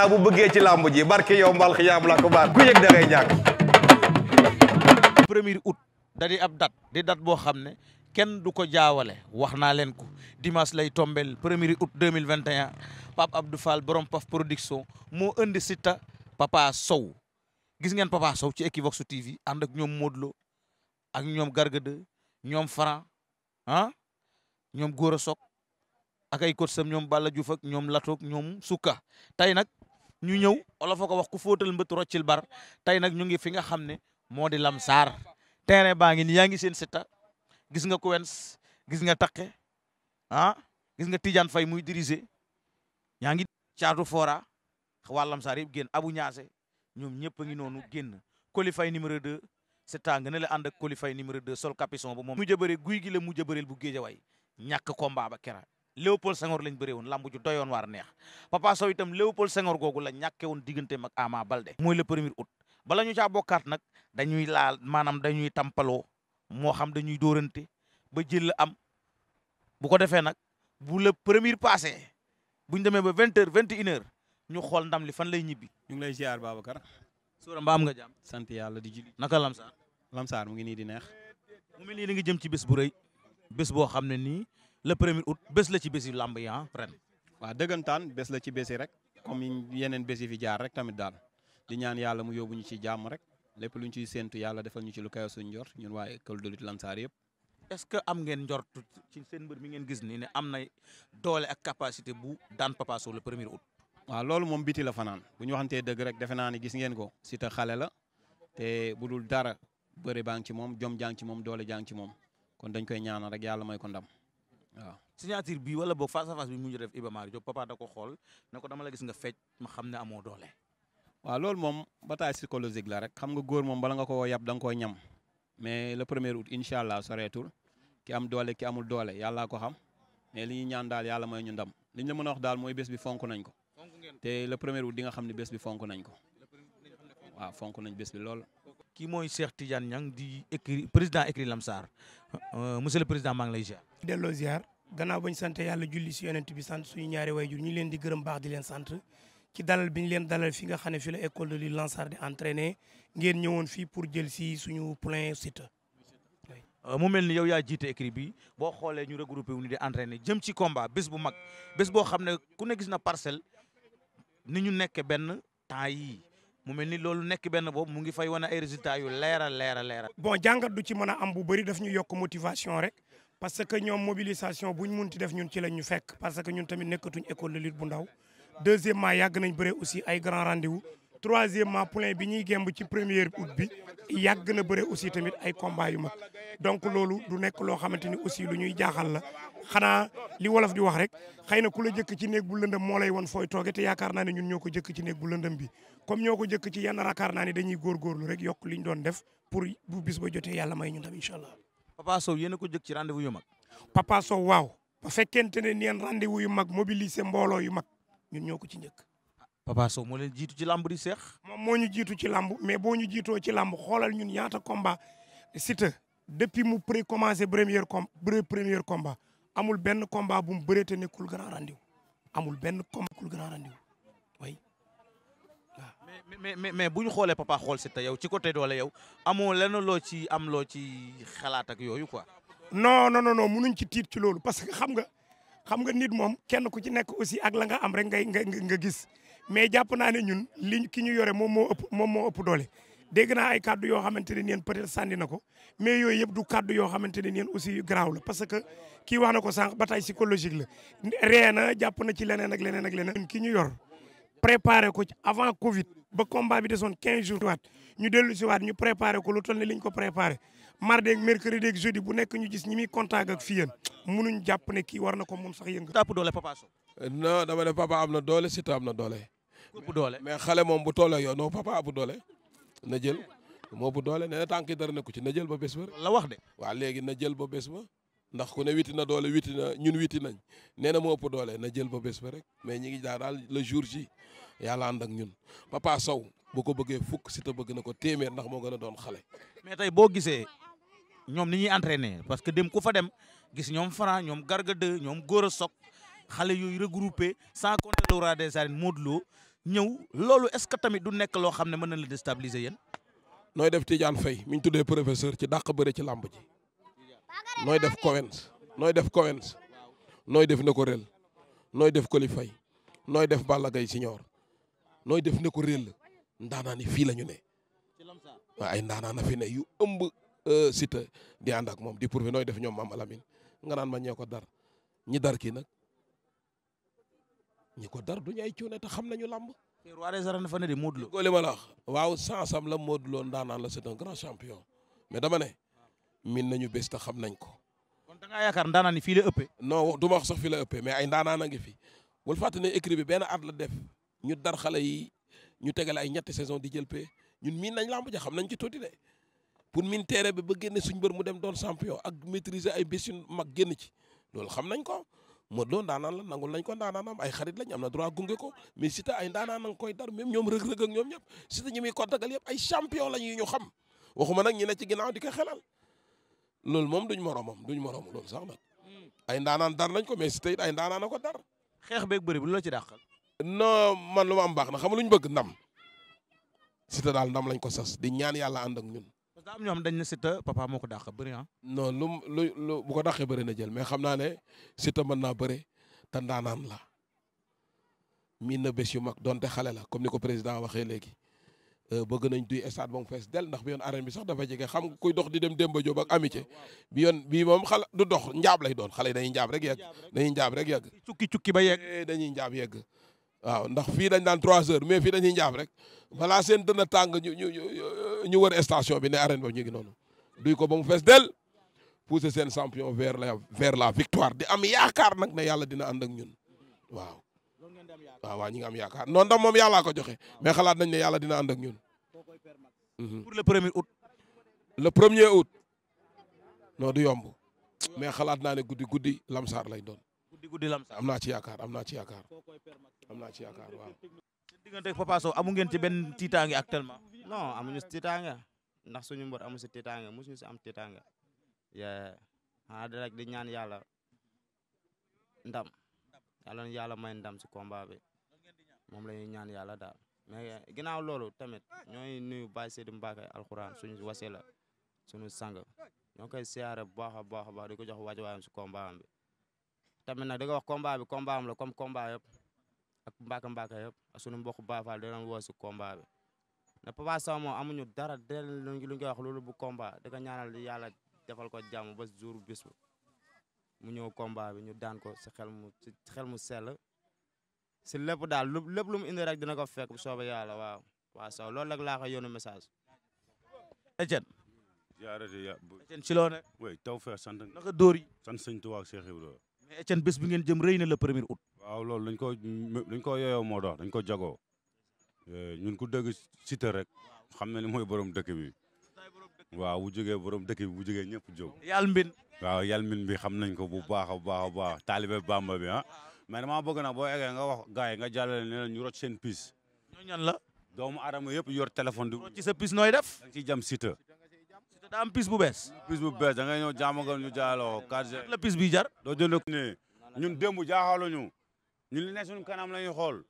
naa bu bëggee ci làmb ji barke yow mbal xiyaam la ko ku yëg da ngay premier août da di ab date di dat boo xam ne kenn du ko jaawale wax naa leen ko dimanche lay tombel premier août deux mille vingt et un Pape Abdou Fall borom Paf production moo indi Siteu Papa Sow gis ngeen Papa Sow ci Equivox TV ànd ak ñoom Modou ak ñoom Garga 2 ñoom Franc ah ñoom Gora Sock ak ay kot sam ñoom Balla Diouf ak ñoom Lato ak tey nag ñu ñëw olof a ko wax ku fóotal mbët roccil bar tey nag ñu ngi fi nga xam ne moo di Lamsaar terrain baa ngi ni yaa ngi seen Siteu gis nga Quench gis nga Takké ah gis nga Tidiane fay muy diriger ñaa ngi caatu foora waa Lamsaar yëpp génn Abu Ñaase ñoom ñëpp a ngi noonu génn qualifié numéro 2 Siteu nga ne la ànd ak qualifié numéro 2 sol capuchon ba moom mu a bëre guy gi la mujj a bëreel bu géejawaay ñàkk combat ba kera Léopold Senghor lañ bëree woon lamb ju doyoon waar neex Papa Sow itam Léopold Senghor googu la ñàkkee woon diggante mag Ama Balde mooy le premier août bala ñu caa bokkaat nag dañuy laal maanaam dañuy tampaloo moo xam dañuy dóorante ba jël am bu ko defee nag bu le premier bu ñu demee ba vingt heures vingt et ñu xool ndam li fan lay ñibbi. ñu lay ziar Babacar. Soura mbaa am nga jàmm. sant yàlla di julli. naka Lamsaar. Lamsaar mu ngi nii di neex. mu mel nii da nga jëm ci bés bu rëy bés boo xam ne nii. le premier août bés la ci bési làmb yi ah ren. waaw dëggantaan bés la ci bési rek comme yeneen bési fi jaar rek tamit daal di ñaan yàlla mu yóbbu ñu ci jàmm rek lépp lu ñu ciy séntu yàlla defal ñu ci lu kawe suñu njort ñun waaye école de lutte Lansar yëpp. est-ce que am ngeen njort ci seen mbër mi ngeen gis nii ne am na doole ak capacité bu daan Papa Sow premier août. waa loolu moom biti la fanaan bu ñu waxantee dëgg rek defe naa ni gis ngeen ko si ta xale la te bu dul dara bëre baa ngi ci moom jom jaa moom doole jaa ngi moom kon dañ koy ñaanal rek yàlla may ko waaw signature bi wala boog face à face bi mu ñu def Iba Mar Diop papa da ko xool ne ko dama la gis nga fecc ma xam ne amoo doole. waaw loolu moom bataille psychologique la rek xam nga góor moom bala nga ko yab da nga koo ñam mais le premier août incha allah soreetul ki am doole ki amul doole yàllaa ko xam mais li ñuy ñaan daal yàlla mooy ñu ndam li ñu la mën a wax daal mooy bés bi fonk nañ ko. te le premier août di nga xam ne bés bi fonk nañ ko. waaw fonk nañ bés bi lool. kii mooy Cheikh Tidiane Niang di écri président écri Lamsar euh, monsieur le président maa ngi lay ziar. delloo ziar gannaaw bañ sant yàlla julli si yonent bi sant suñu ñaari wayjur ñu leen di gërëm baax di leen sant ci dalal bi ñu leen dalal fi nga xam ne fi la école de lutte Lansar di entraîner ngeen ñëwoon fii pour jël si suñu plein site. Euh, mu mel ni yow yaa jiite écrit bi boo xoolee ñu regroupé wu ñu di entraîner jëm ci combat bés bu mag bés boo xam ne ku ne gis na parcelle ni ñu nekk benn temps yii mu mel ni loolu nekk benn boobu mu ngi fay wane ay résultats yu leer a leera leer bon jàngat du ci mën a am bu bëri daf ñu yokk motivation rek parce que ñoom mobilisation bu ñu mun munti def ñun ci la ñu fekk parce que ñun tamit nekkatuñ école de bu ndaw deuxièmement yàgg nañ bëre aussi ay grand rendez troisièmement poulain bi ñuy gemb ci première août bi yàgg na bëre aussi tamit ay combat yu mag donc loolu du nekk loo xamante ni aussi lu ñuy jaaxal la xanaa li wolof di wax rek xëy na ku la jëkk ci néeg bu lëndëm moo lay won fooy tooge te yaakaar naa ne ñun ñoo ko jëkk ci néeg bu lëndëm bi comme ñoo ko jëkk ci yenn raakaar naa ne dañuy góorgóorlu rek yokk li ñu doon def pour bu bis ba jotee yàlla may ñun tam incha allah. Papa Sow yéen a ko jëkk ci rendez yu mag. Papa Sow waaw bu ne yéen rendez yu mag mobiliser mbooloo yu mag ñun ñoo ko ci njëkk Papa Sow moo leen jiitu ci làmb seex. moom moo ñu jiitu ci làmb mais boo ñu jiitoo ci làmb xoolal ñun ñaata combat Siteu depuis mu pré commencé première com première combat amul benn combat bu mu bëree te nekkul grand rendez amul benn combat nekkul grand rendez-vous way mais mais mais mais ñu xoolee papa xool Siteu yow ci côté doole yow amoo lenn loo ci am loo ci xalaat ak yooyu quoi. non non non non munuñ ci tiit ci loolu parce que xam nga xam nga nit moom kenn ku ci nekk aussi ak la nga am rek ngay nga nga gis mais jàpp naa ne ñun li ki ñu yore moom moo ëpp moom moo ëpp doole dégg naa ay kàddu yoo xamante ne yéen peut-être sànni na ko mais yooyu yëpp du kàddu yoo xamante ne yéen aussi yu garaaw la parce que kii wax na ko sànq bataille psychologique la ree na jàpp na ci leneen ak leneen ak leneen ñun ki ñu yor préparé ko avant Covid ba combat bi desoon 15 jours waat ñu dellu si waat ñu préparé ko lu toll ne liñ ko préparé mardi ak mercredi ak jeudi bu nekk ñu gis ñi muy contact ak fii yéen munuñ jàpp ne kii war na ko mun sax yëngu. tàpp doole Papa Sow. non dama ne papa am na doole Siteu am na doole. bu doole mais xale moom bu toll yow non papa bu doole na jël moo bu doole nee na tànk yi dara nekku ci na jël ba bés ba. la wax de. waaw léegi na jël ba bés ba. ndax ku ne witti na doole witti na ñun witti nañ nee na moo ëpp doole na jël ba bés ba rek mais ñi ngi daal la jour ji yàlla ànd ak ñun Papa Sow bu ko bëggee fuk Siteu bëgg na ko téeméer ndax moo gën a doon xale. mais tey boo gisee ñoom ni ñuy entraîner parce que dem ku fa dem gis ñoom Franc ñoom Garga 2 ñoom Gora Sock xale yooyu regroupé sans compter le roi des arènes Modou ñëw loolu est ce que tamit du nekk loo xam ne mën na la déstabiliser yéen. nooy def Tidiane Faye mi ñu tuddee professeur ci dàq bëre ci làmb ji nooy def Covens nooy def Covens nooy def ne ko réel nooy def Coly Faye nooy def Balla Gaye Senior nooy def ne ko réel ndaanaa ni fii la ñu ne waaw ay na fi ne yu ëmb Euh, Siteu di ànd ak moom di pourvu nooy def ñoom maam Alamine nga naan ma ñee ko dar ñi dar kii nag ñi ko dar duñu ay cuune te xam nañu làmb. te roi des arènes fa ne di Modou ma la wax waaw sansam la Modou Lo ndaanaan la c'est un grand champion mais dama ne min nañu bés te xam nañ ko. kon da ngaa yaakaar ndaanaan fii la ëppee. non du ma wax sax fii la ëppee mais ay ndaanaan a ngi fi bul fàttali ne écrit bi benn at la def ñu dar xale yi ñu tegale ay ñetti saison di jël pee ñun miin nañ làmb ja xam nañ ci tuuti pour min terrain bi ba génne suñ mbër mu dem doon champion ak maîtriser ay bés yu mag génn ci loolu xam nañ ko Modou Lo ndaanaan la nangul nañ ko ndaanaanam ay xarit lañ am na droit gunge ko mais Siteu ay ndaanaan nanga koy dar même ñoom rëg-rëg ak ñoom ñëpp Siteu ñi muy kontagal yëpp ay champion lañ yu ñu xam ne ci ginnaaw di ko xelal loolu moom duñ moromam duñ moroom loolu sax nag ay ndaanaan dar nañ ko mais Siteu it ay ndaanaan a ko dar xeex beeg bëri bu lu la ci dàqal non man lu ma mbaax na xam luñ bëgg ndam Siteu daal ndam lañ ko sas di ñaan yàlla ànd ak ñun parce que am ñoom dañ ne Siteu papa moo ko dàq bëri ah. non lu lu lu bu ko dàqee bëri na jël mais xam naa ne Siteu mën naa bëri te ndaanaan la miin na bés yu mag donte xale la comme ni ko président waxee léegi. Euh, bëgg nañ duy stade ba mu fees ndax bi yoon arène bi sax dafa jege xam kuy dox di dem Demba Diop ak amitié bi yoon bii moom xala du dox njaab lay doon xale yi dañuy njaab rek yegg dañuy njaab rek yegg. cukki cukki ba eh, dañuy njaab yegg. waaw ndax fii dañ daan 3 heures mais fii dañuy njaab rek balaa seen ñu ñu ñu wër station bi ne arène boobu ñu duy ko ba mu fees del pousser seen champion la vers la victoire di am yaakaar nag ne yàlla dina ànd ak ñun waaw waaw waaw ñi nga am yaakaar noonu ndax moom yalaa ko joxe mais xalaat nañ ne yàlla dina ànd ak ñun mhm. pour le premier août le premier août non du yomb mais xalaat naa ne guddi guddi lamsaar lay doon guddi guddi lamsaar am naa ci am naa ci yaakaar am naa ci yaakaar waaw diggante non amuñu si tiitaange ndax suñu mbor amu si tiitaange mosuñu si am tiitaange yee xanaa di ñaan yàlla ndam yàlla yàlla may ndam si combat bi moom la ñaan yàlla daal mais ginnaaw loolu tamit ñooy nuyu Baye Seydou Mbacke alxuraan suñu wasila suñu sang ñoo koy siyaare bu baax a baax a baax di ko jox waaj waayam si combat am bi tamit nag di ko wax combat bi combat la comme combat ak Mbacke Mbacke yëpp ak suñu mbokk Baye Fall dinañ si combat na Papa moo moom amuñu dara dara lu ñu koy wax loolu bu combat di ko ñaanal yàlla defal ko jàmm ba jour bis ba mu ñëw combat bi ñu daan ko si xel mu si xel mu sell si lépp daal lu lépp lu mu indi rek ko fekk bu soobee yàlla waaw Papa Sow loolu rek laa koy yónni message. Etienne. jaarati ya si loo ne. oui taw feex sant. naka dóor yi. sant sëñ Tuubaa ak Cheikh Ibrahima. mais Etienne bés bi ngeen jëm rëy na le premier août. waaw loolu dañ ko dañ ko ko jagoo. Euh, ñun ku dëgg Siteu rek xam na ni mooy borom dëkk bi waaw bu jógee borom dëkk bi bu jógee ñëpp jóg. yàlla mbin waaw yàlla mbin bi xam nañ ko bu baax a baax a taalibe Bamba bi ah mais damaa bëgg na boo eggee nga wax gars yi nga jàllale ne la ñu seen piis. ñoo la. doomu aadama yëpp yor téléphone. di ci sa piis nooy def. da nga ciy jam Siteu. piis bu bees. piis bu bees da ngay ñëw jaamu ñu jaaloo. 4G la bi jar. doo jënd ne ñun démb jaaxaluñu. ñun li ne suñu kanam la xool.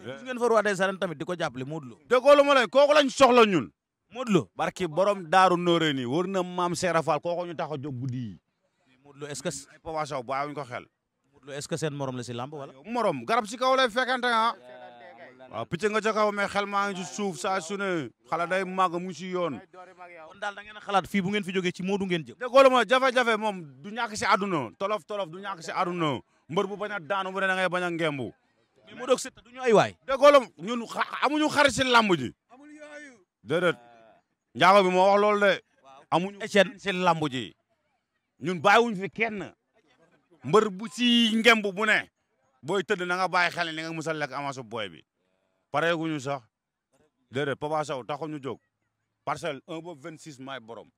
gis ngeen fa roi des arènes tamit di ko jàppale Modou Lo. déggoo lu ma lay kooku lañ soxla ñun. Modou Lo barki borom daaru nooree nii wër na maam Seera Fall kooku ñu tax a jóg guddi yi. Modou Lo est-ce que. ay ko xel. Modou Lo est-ce que morom la si làmb wala. morom garab si kaw lay fekkante ah. waaw picc nga ca kaw mais xel maa ngi ci suuf saa su ne xala day màgg mu si yoon. kon daal da ngeen xalaat fii bu ngeen fi jógee ci Modou ngeen jëm. déggoo lu ma ñàkk si àdduna tolof tolof du ñàkk si àdduna mbër bu bañ a daanu bu ne da ngay bañ a ngembu. mais Modou ak Siteu duñu ay waay. déggoo ñun amuñu xarit si làmb ji. déedéet bi moo wax loolu de. amuñu xarit si làmb ji. ñun bàyyiwuñ fi kenn. mbër bu si ngemb bu ne. booy tëdd na nga bàyyi xel ni nga mos a lekk avance booy bi. pareeguñu sax. déedéet Papa Sow taxuñu jóg. parcelle 1 ba 26 may borom.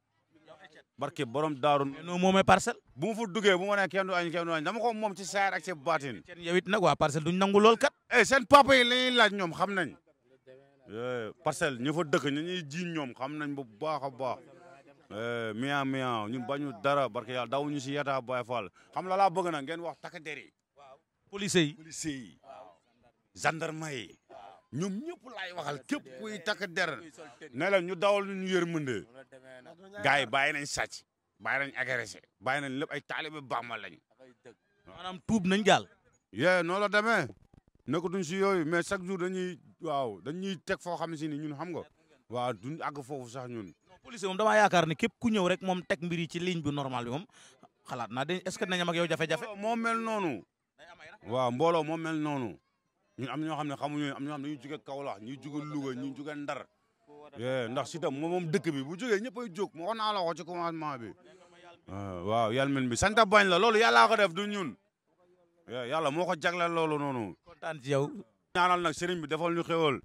barke borom daaru noo moomee parcelle bu mu fa duggee bu ma ne kenn añ kenn añ dama ko moom ci saar ak ci baatin yow nag waa parcelle duñ nangu lool kat eh seen papa yi laaj ñoom xam nañ eh, parcelle ñu fa dëkk ñu ñuy jiiñ ñoom xam nañ bu baax a baax mian eh, mian ñun bañu dara barke yàlla daw ñu si yataa Baye Fall xam la laa bëgg na ngeen wax takk der yi police yi ñoom ñëpp laay waxal képp kuy takk der nelaw ñu dawal ñu yërmande gars yi bàyyi nañ sàcc bàyyi nañ agressé bàyyi nañ lépp ay taalibe Bàmba lañ. maanaam tuub nañ gaal. yee noonu la demee nekkatuñ si yooyu mais chaque jour dañuy waaw dañuy teg foo xam si ni ñun xam nga waaw duñ àgg foofu sax ñun. non policier moom damaa yaakaar ne képp ku ñëw rek moom teg mbir yi ci ligne bi normal bi moom xalaat na de est ce que nañam ak yow jafe-jafe. mbooloo moo mel noonu. waaw mbooloo moo mel noonu. ñun am ñoo xam ne xamuñu am na ñoo xam ne dañuy jóge Kaolack ñuy jóge Louga ñuy jóge Ndar ndax si tam moom dëkk bi bu jógee ñëpp ay jóg moo wax naa la ko ci commencement bi waaw yàlla mel bi sant bañ la loolu yàllaa ko def du ñun yàlla moo ko jagleel loolu noonu kontaan ci yow ñaanal nag sëriñ bi defal ñu xéwal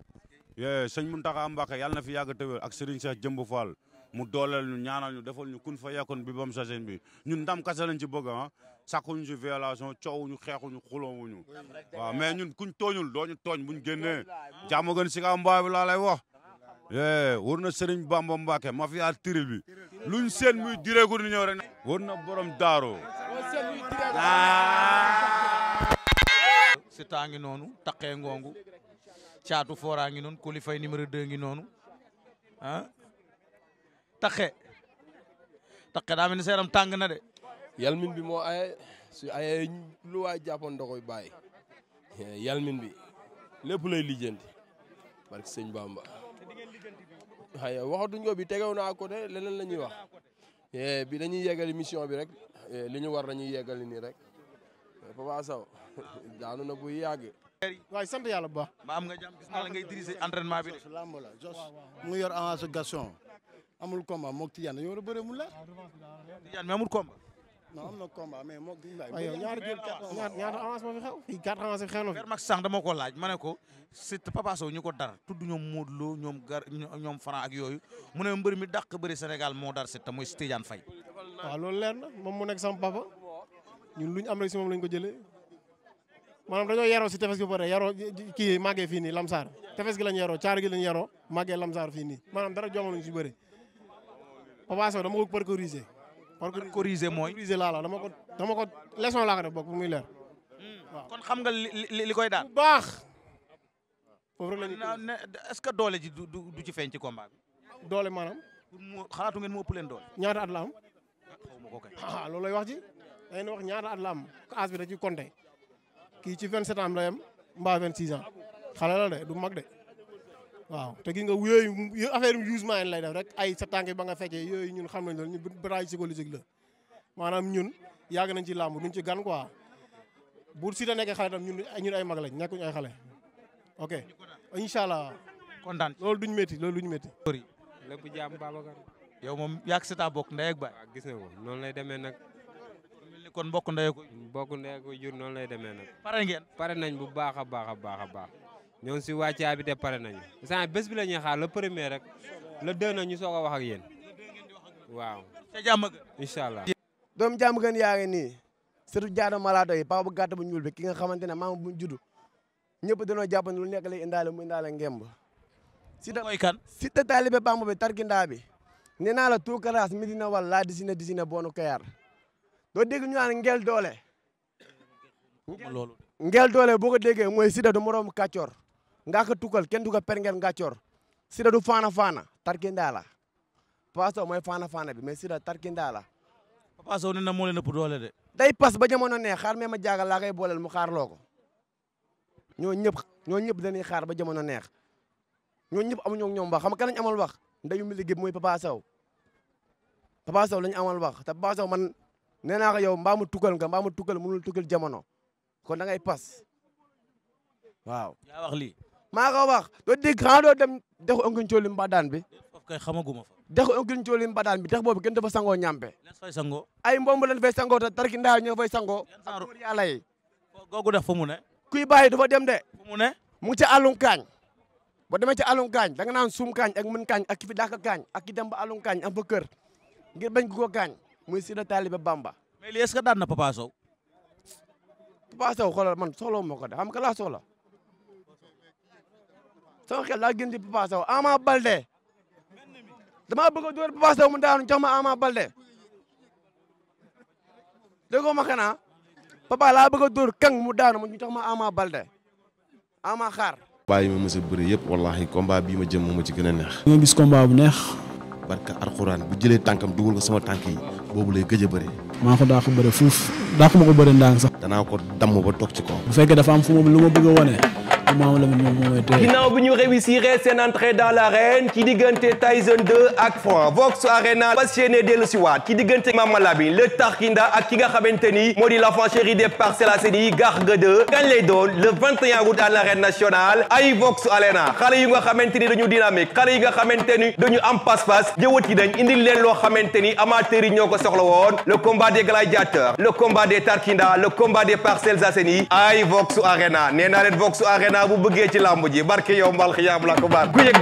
sëñ Mountakha Mbacké yàlla na fi yàgg tëwél ak sëriñ Cheikh Jëmb Fall mu dooleel ñu ñaanal ñu defal ñu kun fa yekkoon bi bam bi ñun ndam kase lañ ci bëgg ah sakkuñu ci violation coowuñu xeexuñu xuloowuñu waaw mais ñun kuñ tooñul dooñu tooñ buñ génnee jàmm gën si kaw mbaay bi laa lay wax eh, wër na Serigne Bamba Mbacke ma fi a bi luñ seen muy direeku di ñëw rek na borom daaro si taa ngi noonu taqee ngoongu caatu fooraa ngi noonu kulifay numéro 2 ngi noonu ah. taxe taxe daa mel ni seeram tàng na de. yalmin bi moo aye su aye lu waay jàppoon da koy bàyyi yalmin bi lépp lay lijjanti barke sëñ Bamba. xëy waxatuñ ko bi tegew naa ko de leneen la ñuy wax bi dañuy yeggali mission bi rek li ñu war dañuy yeggali nii rek Papa Sow daanu na bu yàgg. waaye sant yàlla bu baax. ma am nga jàmm naa la ngay dirigé entraînement bi mu yor avance gasson. amul combat moog Tidiane dañoo war a bëre mu leer. Tidiane mais amul combat. non am na combat mais avance moo fi xew. fii quatre avance fi xew na fi. Père Max sànq dama laaj ma ne ko c'est Papa Sow ñu ko dar tudd ñoom Modou Lo ñoom gar ñoom Franc ak yooyu mu ne mbër mi dàq bëri senegal moo dar c'est mooy Tidiane Faye. waaw loolu leer na moom mu nekk sama papa ñun luñ am rek si moom lañ ko jële maanaam dañoo yaroo si tefes gi ba pare yaroo kii màggee fii nii Lamsaar tefes gi lañ yaroo caar gi lañ yaroo màggee Lamsaar fii nii maanaam dara jomaluñ si bari Papa Sow dama ko parcouriser. parcouriser mooy parcouriser laa la dama ko dama ko leçon laa ko def bokk muy leer. Hmm. waaw kon xam nga li li koy daal. baax. foofu rek la ñuy est-ce que doole ji du du ci feeñ ci combat bi. doole maanaam. mu xalaatu ngeen mu ëpp leen doole. ñaata at la am. Ah, xaw ma ko kay. ah loolu lay wax ji. da wax ñaata at la am âge bi da kii ci 27 ans la yem mbaa 26 ans xale la de du mag de. waaw te gi nga yooyu affaire yu use mind lay def rek ay sa tànk ba nga fekkee yooyu ñun xam nañ loolu ñun bataille psychologique la maanaam ñun yàgg nañ ci làmb duñ ci gan quoi bu si da nekkee xale tam ñun ñun ay mag lañ nekkuñ ay xale ok incha allah. kontaan loolu duñ métti loolu duñ métti. lépp jàmm Babacar. yow moom yàgg sa taa bokk ndey ak baay. waaw gis na ko noonu lay demee nag. kon mbokk ndey ko. mbokk ndey ko jur noonu lay demee nag. pare ngeen. pare nañ bu baax a baax a baax a baax. ñoo si wàccaa bi te pare nañu instant bés bi la ñuy xaar le premier rek le deux na ñu soog a wax ak yéen waaw. ca jàmm yaa ngi nii surtout jaara malaado yi paa bu gàtt bu ñuul bi ki nga xamante ne maam bu juddu ñëpp dañoo jàpp ne lu nekk lay indaale mu indaale ngemb. Siteu mooy kan Siteu taalibe Bamba mi dina wal laa disina disina boonu dégg ñu naan ngel doole. ngel doole boo ko déggee mooy Siteu du moroom ngaka tukal ken duga perngel ngacor sida du fana fana tarkinda la Papa Sow mooy fana fana bi mais sida tarkinda la Papa Sow nee na moo leen ëpp doole de day pas ba jamono ne xaar me ma jaagal laa koy booleel mu ko ñoo ñëpp ñoo ñëpp dañuy xaar ba jamono neex ñoo ñëpp amuñu ak ñoom wax xam nga kan wax ndeyu mi mooy Papa Sow Papa Sow lañ amal wax te Papa Sow man nee naa ko yow mbaa mu tukkal nga mbaa mu tukkal mënul tukkal jamono kon da ngay pas waaw. maa ko wax doo dégg xanaa doo dem dexu onkin cooli mbadaan bi xamaguma fa dexu onkin cooli mbadaan bi dex boobu gën dafa sangoo ñàmpe fay sangoo ay mbomb lañ fay sangoo te tarki ndaa ñoo fay sangoo góor yàlla yi googu def fu mu ne kuy bàyyi dafa dem de fu mu ne mu ngi ca àllum kaañ ba demee ca àllum kaañ da naan suum kaañ ak mën kaañ ak ki fi dàq kaañ ak ki dem ba kaañ am fa kër ngir bañ ko kaañ mu si la taalibe Bamba mais lii est-ce daan na Papa Sow Papa Sow xoolal man soolo moo ko de xam nga laa soxla sama xel daa gën ci Papa Sow Balde damaa bëgg door dóor mu daanu jox ma Ama Balde déggoo ma xanaa Papa laa bëgg a dóor kang mu daanu mu jox ma Ama Balde Ama xaar. combat yi ma mës a bëri yëpp wallaahi combat bii ma jëm moo ma ci gën a neex. di nga gis combat bu neex. barka alxuraan bu jëlee tànkam dugal ko sama tànk yi boobu lay gëj a bëri. maa ko daa ko fuuf daa ko ma ko bëri ndànk sax. danaa ko damm ba toog ci kaw. bu fekkee dafa am fu mu ginnaaw bi ñu réussir seen entrée dans l'arène ci diggante Tyson 2 ak Franc Vox le Tarkinda ak ki nga ni moo di l'enfant chéri des Parcelles Assainies Garga 2 gañ lay doon le 21 août à l'arène nationale ay Vox Arena xale yu nga xamante ni dañu dynamique xale yi nga xamante ni dañu am pas-pas jëwati nañ indil leen loo xamante ni amateurs yi ñoo ko soxla woon le combat des gladiateurs le combat des Tarkinda le combat des Parcelles Assainies ay Vox Arena nee naa Vox Arena bu bëggee ci làmb ji barke yow mbal xiyaam la ko baax ku yëg